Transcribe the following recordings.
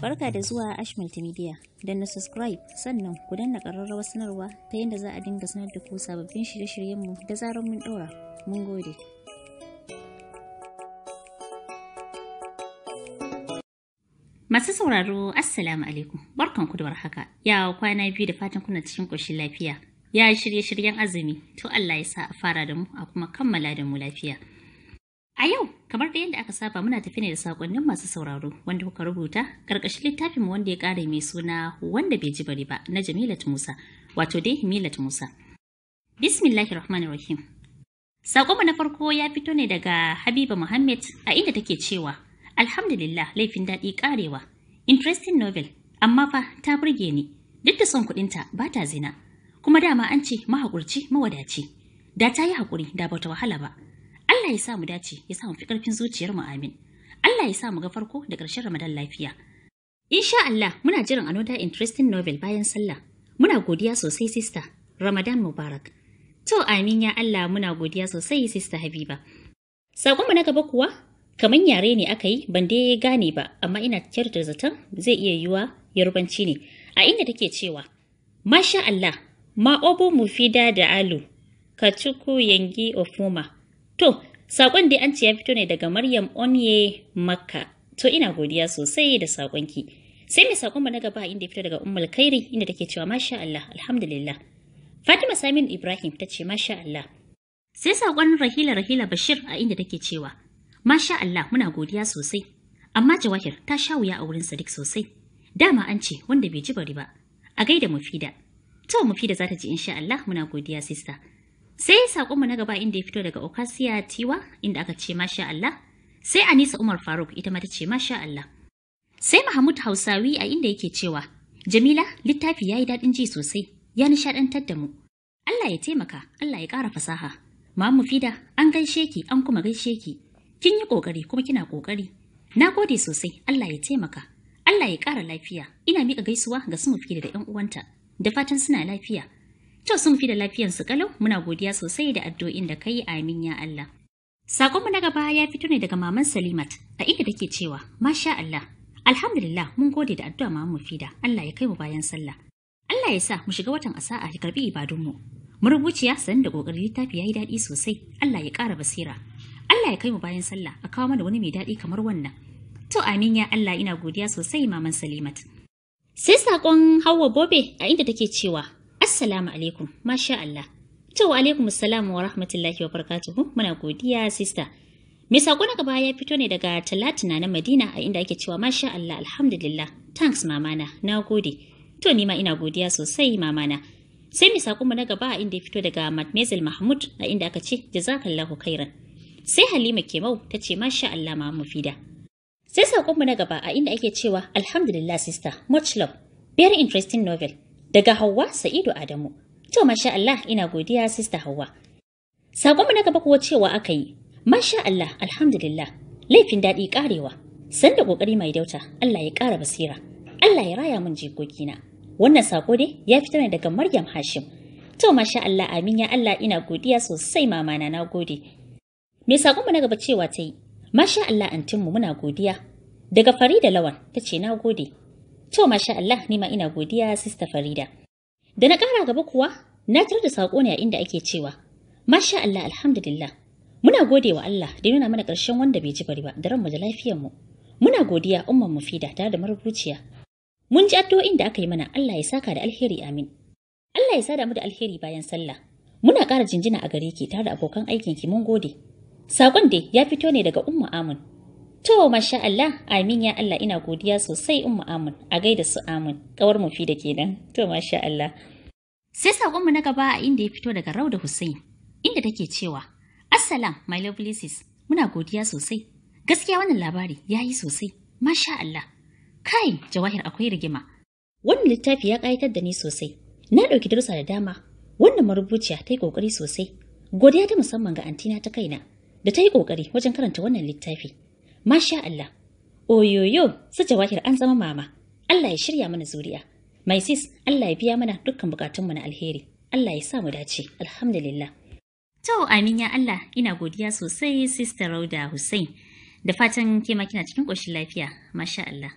Barka da zuwa Ash Multimedia. Don na subscribe sannan ku danna ƙararrawar sanarwa ta yadda za a dinga sanar da ku sababbin shirye-shiryenmu da zarar mun ɗora. Mun gode. Masu sauraro, Assalamu alaikum. barkan da haka, Ya kwana biyu da fatan kuna cikin ƙoshin lafiya. Ya shirye-shiryen azumi, to Allah ya sa a fara da mu a kuma kammala da mu lafiya. A yau, kamar da yadda aka saba muna tafi ne da sakonnin masu sauraro wanda kuka rubuta karkashin littafin mu wanda ya kare mai suna wanda bai ji bari ba na Jamilat Musa, wato dai Milat Musa. Bismillahirrahmanirrahim. Sakonmu na farko ya fito ne daga Habiba Muhammad a inda take cewa, Alhamdulillah laifin daɗi ƙarewa. Interesting novel, amma fa ta burge ni. Duk da son kuɗinta ba ta zina. Kuma dama an ce mahaƙurci mawadaci. Da ta yi haƙuri da bata wahala ba. Allah ya sa mu dace ya sa mu fi karfin zuciyar mu amin Allah ya sa mu ga farko da ƙarshen Ramadan lafiya insha Allah muna jiran another interesting novel bayan sallah muna godiya sosai sister Ramadan Mubarak to amin ya Allah muna godiya sosai sister Habiba Sakonmu na gaba kuwa kamar yare ne aka yi ban dai gane ba amma ina kyautar zaton zai iya yiwa yarubanci ne a inda take cewa masha Allah ma obo fida da alu kacuku yangi ofuma To, saƙon dai an ce ya fito ne daga Maryam Onye Makka. To ina godiya sosai da saƙonki. Sai mai saƙon ba na gaba inda ya fito daga Ummul Kairi inda take cewa masha Allah, alhamdulillah. Fatima Saminu Ibrahim ta ce masha Allah. Sai saƙon Rahila Rahila Bashir a inda take cewa masha Allah muna godiya sosai. Amma Jawahir ta sha wuya a wurin Sadiq sosai. Dama an ce wanda bai ji bari ba. A gaida Mufida. To Mufida za ta ji insha Allah muna godiya sista. Sai sakonmu na gaba inda ya fito daga Okasiya Tiwa inda aka ce masha Allah, sai Anisa Umar Faruk ita ma ta ce masha Allah. Sai Mahmud Hausawi a inda yake cewa, Jamila littafi ya yi daɗin ji sosai, ya nishaɗantar da mu. Allah ya taimaka, Allah ya ƙara fasaha. Mamu Fida, an gaishe ki, an kuma gaishe ki. Kin yi ƙoƙari kuma kina ƙoƙari. Na gode sosai, Allah ya taimaka. Allah ya ƙara lafiya. Ina mika gaisuwa ga su mu Mufida da 'yan uwanta. Da fatan suna lafiya. To sun fi da su kalau muna godiya sosai da addu'o'in da kai amin ya Allah. Sakonmu na gaba ya fito ne daga maman Salimat a inda take cewa masha Allah alhamdulillah mun gode da addu'a mu Mufida Allah ya kai mu bayan sallah. Allah ya sa mu shiga watan asa'a ya karbi ibadunmu. Mu rubuciya sanin da kokari littafi yayi daɗi sosai Allah ya ƙara basira. Allah ya kai mu bayan sallah a kawo mana wani mai daɗi kamar wannan. To amin ya Allah ina godiya sosai maman Salimat. Sai sakon Hauwa Bobe a inda take cewa Assalamu alaikum, masha Allah. To wa alaikum assalamu wa rahmatullahi wa barakatuhu. Muna godiya sista. Mai sako na gaba ya fito ne daga Talatina na Madina a inda ake cewa masha Allah alhamdulillah. Thanks mamana, na gode. To ni ma ina godiya sosai mamana. Sai mai sako na gaba a inda ya fito daga Matmezil Mahmud a inda aka ce jazakallahu khairan. Sai Halima Kemau ta ce masha Allah ma mufida. Sai sakonmu na gaba a inda ake cewa alhamdulillah sister much love. Very interesting novel. daga Hauwa Sa'idu Adamu. To masha Allah ina godiya sista Hauwa. mu na gaba kuwa cewa aka yi. Masha Allah alhamdulillah laifin daɗi ƙarewa. Sanda ƙoƙari mai dauta Allah ya kara basira. Allah ya raya mun min na. Wannan sako dai ya fita ne daga Maryam Hashim. To masha Allah amin ya Allah ina godiya sosai mamana na gode. Me mu na gaba cewa ta yi? Masha Allah antin mu muna godiya. Daga Farida Lawan ta ce na gode. To masha Allah ni ma ina godiya Sista Farida. Da na ƙara gaba kuwa na tar da saƙo ne a inda ake cewa masha Allah alhamdulillah. Muna gode wa Allah da nuna mana ƙarshen wanda bai ji bari ba da ranmu da lafiyar mu. Muna godiya umman Mufida tare da marubuciya. Mun ji addu'o'in da aka yi mana Allah ya saka da alheri amin. Allah ya sada mu da alheri bayan sallah. Muna ƙara jinjina a gare ki tare da abokan aikin ki mun gode. Saƙon dai ya fito ne daga Umma Amun To masha Allah, amin ya Allah ina godiya sosai in mu'amun, a gaida su amin kawar mu fi da kenan. To masha Allah. Sai saƙonmu na gaba a inda ya fito daga da Hussein inda take cewa Assalam my lovely sis muna godiya sosai. Gaskiya wannan labari ya yi sosai. Masha Allah. Kai jawahir akwai rigima. Wannan littafi ya ƙayatar da ni sosai. Na ɗauki darussa da dama. Wannan marubuciya ta yi ƙoƙari sosai. Godiya ta musamman ga antina ta kaina da ta yi ƙoƙari wajen karanta wannan littafi. Masha Allah. Oyoyo, su jawahir an zama mama. Allah ya shirya mana zuriya. Mai sis, Allah ya biya mana dukkan bukatunmu na alheri. Allah ya sa mu dace. Alhamdulillah. To amin ya Allah, ina godiya sosai Sister Rauda Hussein. Da fatan ke kina cikin ƙoshin lafiya, masha Allah.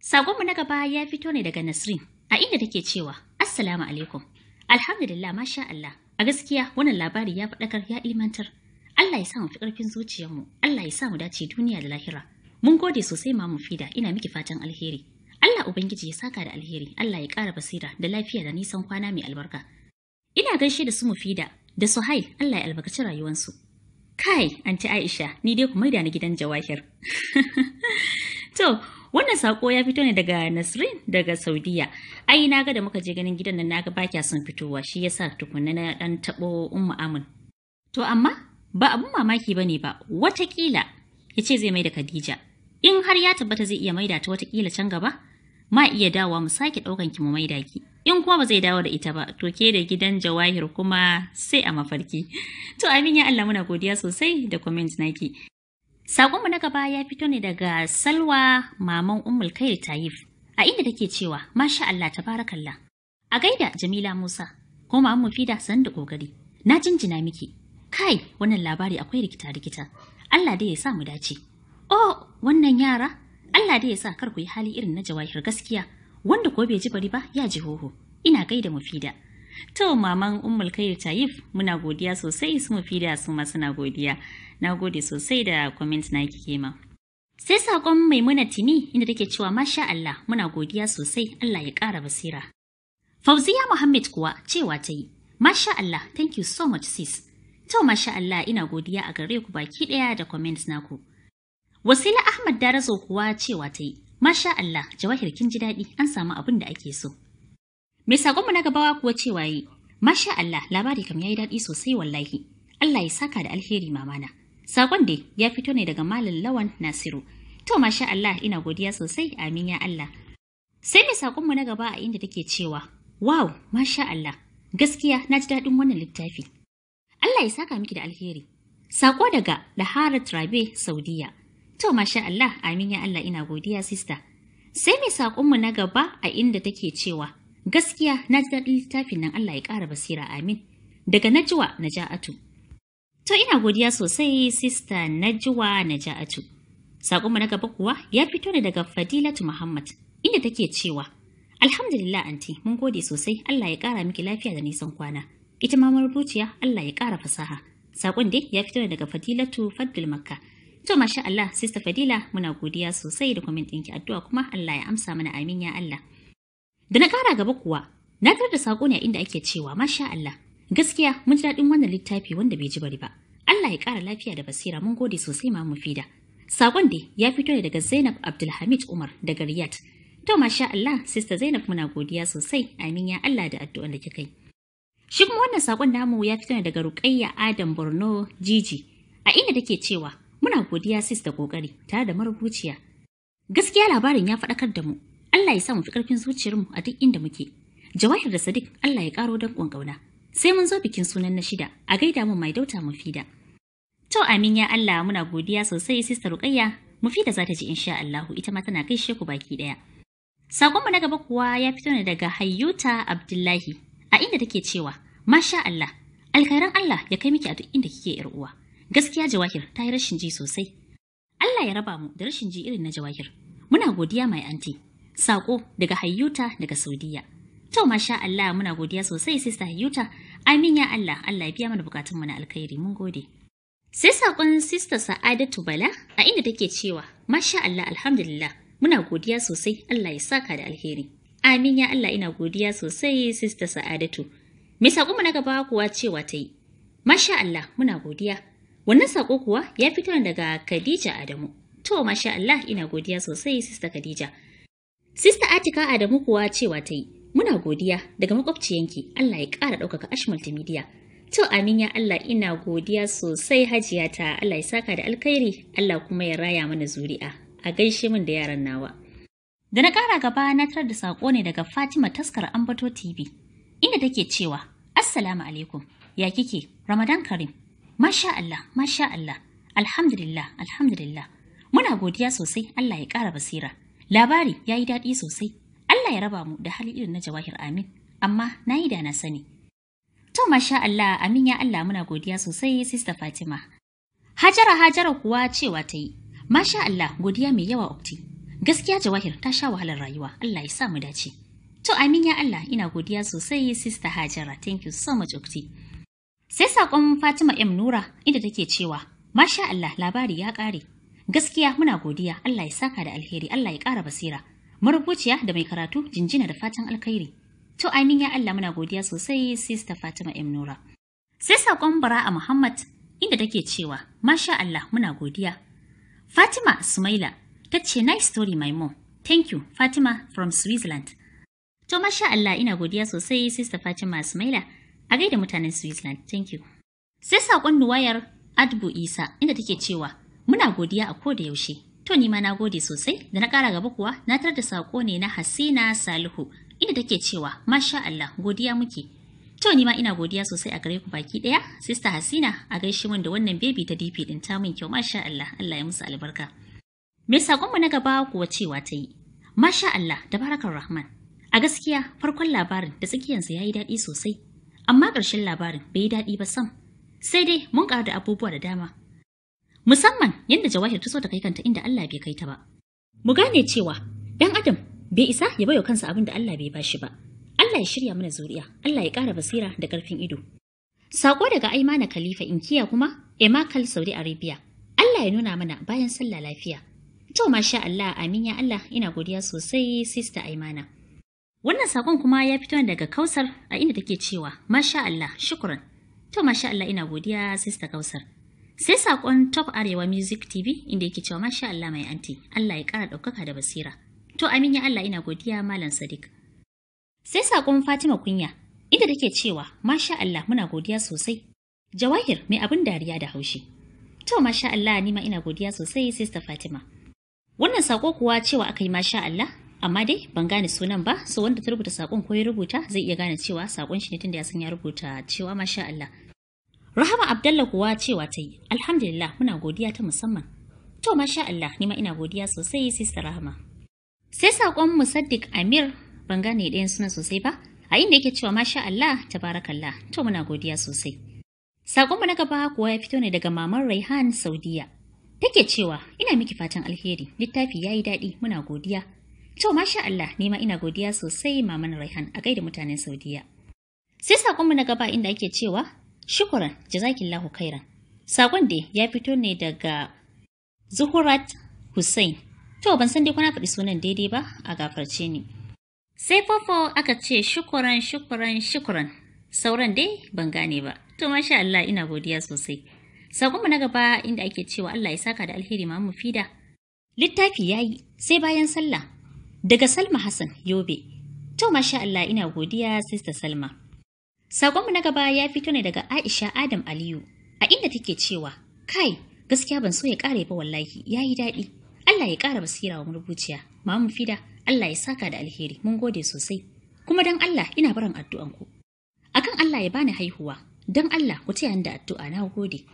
Sakonmu na gaba ya fito ne daga Nasrin, a inda take cewa, Assalamu alaikum. Alhamdulillah, masha Allah. A gaskiya wannan labari ya faɗakar ya ilmantar. Allah ya sa mu fi ƙarfin zuciyarmu, Allah ya sa mu dace duniya da lahira. Mun gode sosai ma mu Fida, ina miki fatan alheri. Allah Ubangiji ya saka da alheri, Allah ya ƙara basira da lafiya da nisan kwana mai albarka. Ina gaishe da su mu fida da su hai Allah ya albarkaci rayuwansu. Kai, anti Aisha, ni dai ku maida na gidan Jawahir. to, wannan sako ya fito ne daga Nasrin daga Saudiya. Ai na ga da muka je ganin gidan nan naga ba kya son fitowa, shi yasa tukunna na dan tabo Ummu Amin. To amma ba abin mamaki ba ne ba watakila ya ce zai mai da Khadija in har ya tabbata zai iya maida ta watakila can gaba ma iya dawowa mu sake daukan ki mu maida ki in kuma ba zai dawo da ita ba to ke da gidan jawahir kuma sai a mafarki to amin ya Allah muna godiya sosai da comment naki sakon mu na gaba ya fito ne daga Salwa maman Ummul Khair Taif. a inda take cewa masha Allah tabarakallah a gaida Jamila Musa ko mu fida, san da kokari na jinjina miki Kai, wannan labari akwai rikita-rikita. Allah dai ya sa mu dace. Oh, wannan yara, Allah dai ya sa kar ku yi hali irin na jawahir gaskiya, wanda ko bai ji bari ba ya ji hoho. Ina gaida mufida. To maman Ummul Khair Taif muna godiya sosai su mufida su ma suna godiya. Na gode sosai da comment na kike ma. Sai sakon Maimuna Tini inda take cewa masha Allah muna godiya sosai Allah ya ƙara basira. Fauziya Muhammad kuwa cewa ta yi, Masha Allah, thank you so much sis. To masha Allah ina godiya a gare ku baki ɗaya da comments naku. Wasila Ahmad Darazo kuwa cewa ta yi, Masha Allah, jawahir kin ji daɗi an samu abin da ake so. Mai sakonmu na gaba kuwa cewa yi, Masha Allah, labari kam ya yi daɗi sosai wallahi. Allah ya saka da alheri mamana. sakon dai ya fito ne daga Malam Lawan Nasiru. To masha Allah ina godiya sosai amin ya Allah. Sai mai sakonmu na gaba a inda take cewa, Wow, masha Allah, gaskiya na ji daɗin wannan littafi. Allah ya saka miki da alheri. Sako daga Dahara Trabe, Saudiya. To masha Allah, amin ya Allah ina godiya sista. Sai mai saƙonmu na gaba a inda take cewa, gaskiya na ji daɗin littafin nan Allah ya ƙara basira amin. Daga Najwa Naja'atu. To ina godiya sosai sista Najwa Naja'atu. Saƙonmu na gaba kuwa ya fito ne daga Fadilatu Muhammad inda take cewa, Alhamdulillah anti, mun gode sosai Allah ya ƙara miki lafiya da nisan kwana. ita ma marubuciya Allah ya kara fasaha Saƙon dai ya fito daga Fadilatu fadil Makka to masha Allah sister Fadila muna godiya sosai da comment ɗinki addu'a kuma Allah ya amsa mana amin ya Allah da na ƙara gaba kuwa na tarar da sako ne inda ake cewa masha Allah gaskiya mun ji daɗin wannan littafi wanda bai ji bari ba Allah ya kara lafiya da basira mun gode sosai ma mufida Saƙon dai ya fito ne daga Zainab Abdulhamid Umar daga Riyadh To masha Allah, Sista Zainab muna godiya sosai, amin ya Allah da addu'an da kika yi. Shi kuma wannan saƙon namu ya fito daga Ruqayya Adam Borno Jiji a inda take cewa muna godiya sis da kokari tare da marubuciya. Gaskiya labarin ya faɗakar da mu. Allah ya sa mu fi ƙarfin mu a duk inda muke. Jawahir da Sadiq Allah ya ƙaro dan ƙauna. Sai mun zo bikin sunan na shida a gaida mu mai dauta Mufida. To amin ya Allah muna godiya sosai sister Ruqayya Mufida za ta ji insha Allahu ita ma tana kai sheku baki ɗaya. Sakonmu na gaba kuwa ya fito ne daga Hayyuta Abdullahi a inda take cewa masha Allah alkhairan Allah ya kai miki a duk inda kike yar uwa gaskiya jawahir ta yi rashin ji sosai Allah ya raba mu da rashin ji irin na jawahir muna godiya mai anti sako daga hayyuta daga Saudiya to masha Allah muna godiya sosai sister hayyuta amin ya Allah Allah ya biya mana bukatun mu na alkhairi mun gode sai sakon sister Sa'adatu Bala a inda take cewa masha Allah alhamdulillah muna godiya sosai Allah ya saka da alheri Amin ya Allah ina godiya sosai Sista Sa'adatu. Me saƙonmu na gaba kuwa cewa ta yi. Masha Allah muna godiya. Wannan saƙo kuwa ya fito daga Khadija Adamu. To masha Allah ina godiya sosai Sista Khadija. Sista Atika Adamu kuwa cewa ta yi. Muna godiya daga makwabciyanki Allah ya ƙara ɗaukaka Ash Multimedia. To amin ya Allah ina godiya sosai hajiya ta Allah ya saka da alkhairi Allah kuma ya raya mana zuri'a. A gaishe min da yaran nawa. Da na ƙara gaba na tarar da saƙo ne daga Fatima Taskar Ambato TV, inda take cewa, Assalamu alaikum, ya kike, Ramadan Karim. Masha Allah, masha Allah, alhamdulillah, alhamdulillah. Muna godiya sosai Allah ya ƙara basira. Labari ya yi daɗi sosai. Allah ya raba mu da hali irin na jawahir amin, amma na yi da na sani. To masha Allah, amin ya Allah muna godiya sosai, Sista Fatima. Hajara Hajara kuwa cewa ta yi, masha Allah, godiya mai yawa okti. Gaskiya Jawahir ta sha wahalar rayuwa, Allah ya sa mu dace. To amin ya Allah, ina godiya sosai Sister Hajara, thank you so much Ukti. Sai saƙon Fatima M Nura inda take cewa, Masha Allah labari ya kare Gaskiya muna godiya, Allah ya saka da alheri, Allah ya kara basira. Marubuciya da mai karatu jinjina da fatan alkhairi. To amin ya Allah muna godiya sosai Sister Fatima M Nura. Sai saƙon Bara'a Muhammad inda take cewa, Masha Allah muna godiya. Fatima Sumaila Ta ce, Nice story, my mom. Thank you, Fatima from Switzerland. To masha Allah ina godiya sosai Sister Fatima Ismaila a gaida mutanen Switzerland. Thank you. Sai saƙon nuwayar Adbu Isa inda take cewa muna godiya a koda yaushe. To ni na gode sosai da na ƙara gaba kuwa na tarar da saƙo ne na Hasina Salihu inda take cewa masha Allah godiya muke. To ni ina godiya sosai a gare ku baki ɗaya Sister Hasina a gaishe min da wannan baby ta DP ɗin ta min kyau masha Allah Allah ya musu albarka. Me saƙonmu na gaba kuwa cewa ta yi, Masha Allah da barakar Rahman. A gaskiya farkon labarin da tsakiyansa ya yi daɗi sosai, amma ƙarshen labarin bai yi daɗi ba sam. Sai dai mun ƙara da abubuwa da dama. Musamman yadda jawahir ta so ta kai kanta inda Allah bai kai ta ba. Mu gane cewa ɗan Adam bai isa ya bayo kansa abin da Allah bai bashi ba. Allah ya shirya mana zuriya, Allah ya ƙara basira da ƙarfin ido. Sako daga Aimana Khalifa Inkiya kuma, Emakal Saudi Arabia. Allah ya nuna mana bayan sallah lafiya. To masha Allah amin ya Allah ina godiya sosai sista Aimana. Wannan sakon kuma ya fito daga Kausar a inda take cewa masha Allah shukran. To masha Allah ina godiya sista Kausar. Sai sakon Top Arewa Music TV inda yake cewa masha Allah mai anti Allah ya kara ɗaukaka da basira. To amin ya Allah ina godiya Malam Sadiq. Sai sakon Fatima Kunya inda take cewa masha Allah muna godiya sosai. Jawahir mai abin dariya da haushi. To masha Allah ni ma ina godiya sosai sista Fatima. Wannan sako kuwa cewa aka yi masha Allah, amma dai ban gane sunan ba, so wanda ta rubuta sakon ko ya rubuta zai iya gane cewa sakon shi ne tunda ya san ya rubuta cewa masha Allah. Rahama Abdullahi kuwa cewa ta yi, Alhamdulillah muna godiya ta musamman. To masha Allah, ni ma ina godiya sosai sister Rahama. Sai sakon Musaddiq Amir ban gane ɗayan sunan sosai ba, a inda yake cewa masha Allah tabarakallah, to muna godiya sosai. Sakonmu na gaba kuwa ya fito ne daga Maman Raihan Saudiya. Take cewa ina miki fatan alheri littafi yayi daɗi muna godiya. To masha Allah nima ina godiya sosai maman Raihan a gaida mutanen Saudiya. Sai sakon mu na gaba inda ake cewa shukran jazakillahu khairan. Sakon da ya fito ne daga Zuhurat Hussain. To ban san dai kuna faɗi sunan daidai ba a gafarce ni. Sai fofo aka ce shukuran shukuran shukuran sauran dai ban gane ba. To masha Allah ina godiya sosai. Sakonmu na gaba inda ake cewa Allah ya saka da alheri ma mufida. Littafi ya yi sai bayan sallah daga Salma Hassan Yobe. To masha Allah ina godiya sister Salma. Sakonmu na gaba ya fito ne daga Aisha Adam Aliyu a inda take cewa kai gaskiya ban so ya kare ba wallahi ya yi daɗi. Allah ya kara basira wa marubuciya. Mamu Fida, Allah ya saka da alheri, mun gode sosai. Kuma don Allah ina barin addu'anku. Akan Allah ya bani haihuwa, don Allah ku taya da addu'a na gode.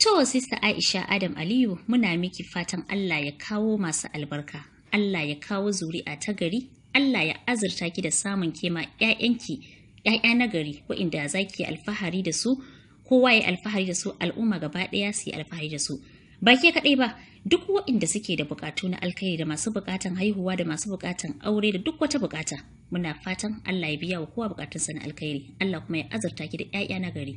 To sista Aisha Adam Aliyu muna miki fatan Allah ya kawo masu albarka, Allah ya kawo zuri'a ta gari, Allah ya azurta ki da samun kema ‘ya'yanki, ‘ya'ya na gari, wa'inda za ki alfahari da su, kowa ya alfahari da su, al'umma gaba ɗaya su yi alfahari da su. Ba ke kaɗai ba, duk wa'inda suke da buƙatu na alkhairi da masu buƙatan haihuwa da masu buƙatan aure da duk wata buƙata. Muna fatan Allah ya biya wa kowa buƙatunsa na alkhairi, Allah kuma ya azurta ki da ‘ya'ya na gari.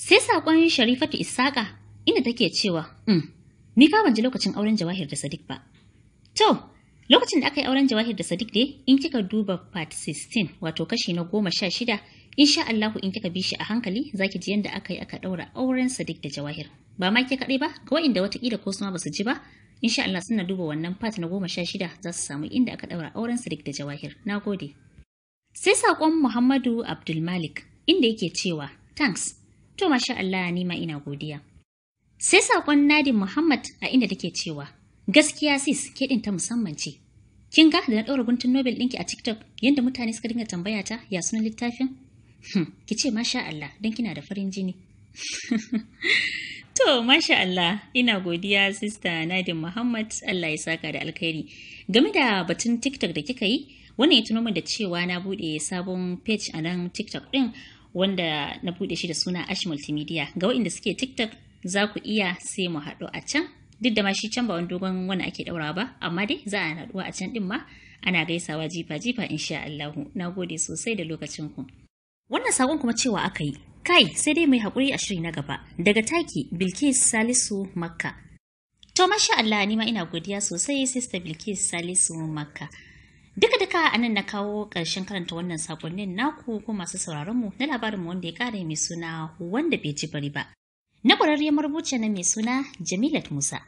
Sai saƙon Sharifatu Isaka inda take cewa, "Um, ni ka ban ji lokacin auren Jawahir da Sadiq ba." To, lokacin da aka yi auren Jawahir da Sadiq dai, in kika duba part 16, wato kashi na goma sha shida, insha Allahu in kika bi shi a hankali, za ki ji yadda aka yi aka ɗaura auren Sadiq da Jawahir. Ba ma ke kaɗai ba, ga inda watakila ko suma ba su ji ba, insha Allah suna duba wannan part na goma sha shida za su samu inda aka ɗaura auren Sadiq da Jawahir. Na gode. Sai saƙon Muhammadu Abdulmalik inda yake cewa, "Tanks!" To masha Allah ni ma ina godiya. Sai sakon Nadin Muhammad a inda take cewa, gaskiya sis ke ɗin ta musamman ce. Kin ga da na ɗaura guntun Nobel ɗinki a TikTok yanda mutane suka dinga tambaya ta ya sunan littafin? Hmm, ki ce masha Allah don kina da farin jini. To, masha Allah, ina godiya sista Nadin Muhammad Allah ya saka da alkhairi. Game da batun TikTok da kika yi, wannan ya tuno da cewa na bude sabon page a nan TikTok ɗin wanda na bude shi da suna Ash Multimedia. Ga waɗanda suke TikTok za ku iya sai mu haɗu a can. Duk da ma shi can ba wani dogon wani ake ɗaurawa ba, amma dai za a haɗuwa a can ɗin ma ana gaisawa jifa-jifa insha Allahu. Na gode sosai da lokacin ku. Wannan sakon kuma cewa aka yi. Kai sai dai mai haƙuri a shiri na gaba. Daga taki Bilkis Salisu Makka. To masha Allah ni ma ina godiya sosai Sista Bilkis Salisu Makka. Duka duka a nan na kawo ƙarshen karanta wannan sakonnin naku ko masu sauraronmu na labarinmu wanda ya kare mai suna wanda bai ji bari ba. Na ƙwararriyar marubuciya na mai suna Jamilat Musa.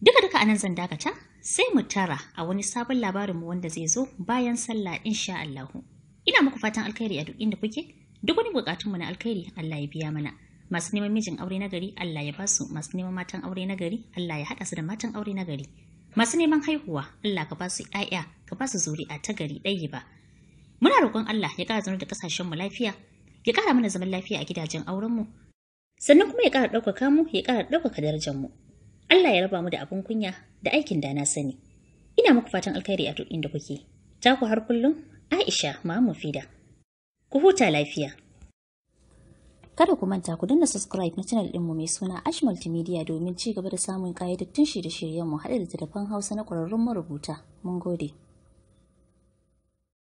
Duka duka a nan zan dakata sai mu tara a wani sabon labarinmu wanda zai zo bayan sallah insha Allahu. Ina muku fatan alkhairi a duk inda kuke, duk wani buƙatunmu na alkhairi Allah ya biya mana. masu neman mijin aure nagari? Allah ya basu masu neman matan aure nagari? Allah ya haɗa su da matan aure nagari. masu neman haihuwa Allah ka ba su ƴaƴa ka ba su zuri'a ta gari ɗaya ba muna roƙon Allah ya ƙara zama da ƙasashen mu lafiya ya ƙara mana zaman lafiya a gidajen auren mu sannan kuma ya ƙara ɗaukaka mu ya ƙara ɗaukaka darajar mu Allah ya raba mu da abin kunya da aikin da na sani ina muku fatan alkhairi a duk inda kuke ta ku har kullum Aisha ma Mamu Fida ku huta lafiya Kada ku manta ku danna subscribe na channel ɗinmu mai suna Ash Multimedia domin ci gaba da samun ƙayyadattun shirye-shiryenmu haɗe da tafan Hausa na ƙwararrun marubuta. Mun gode.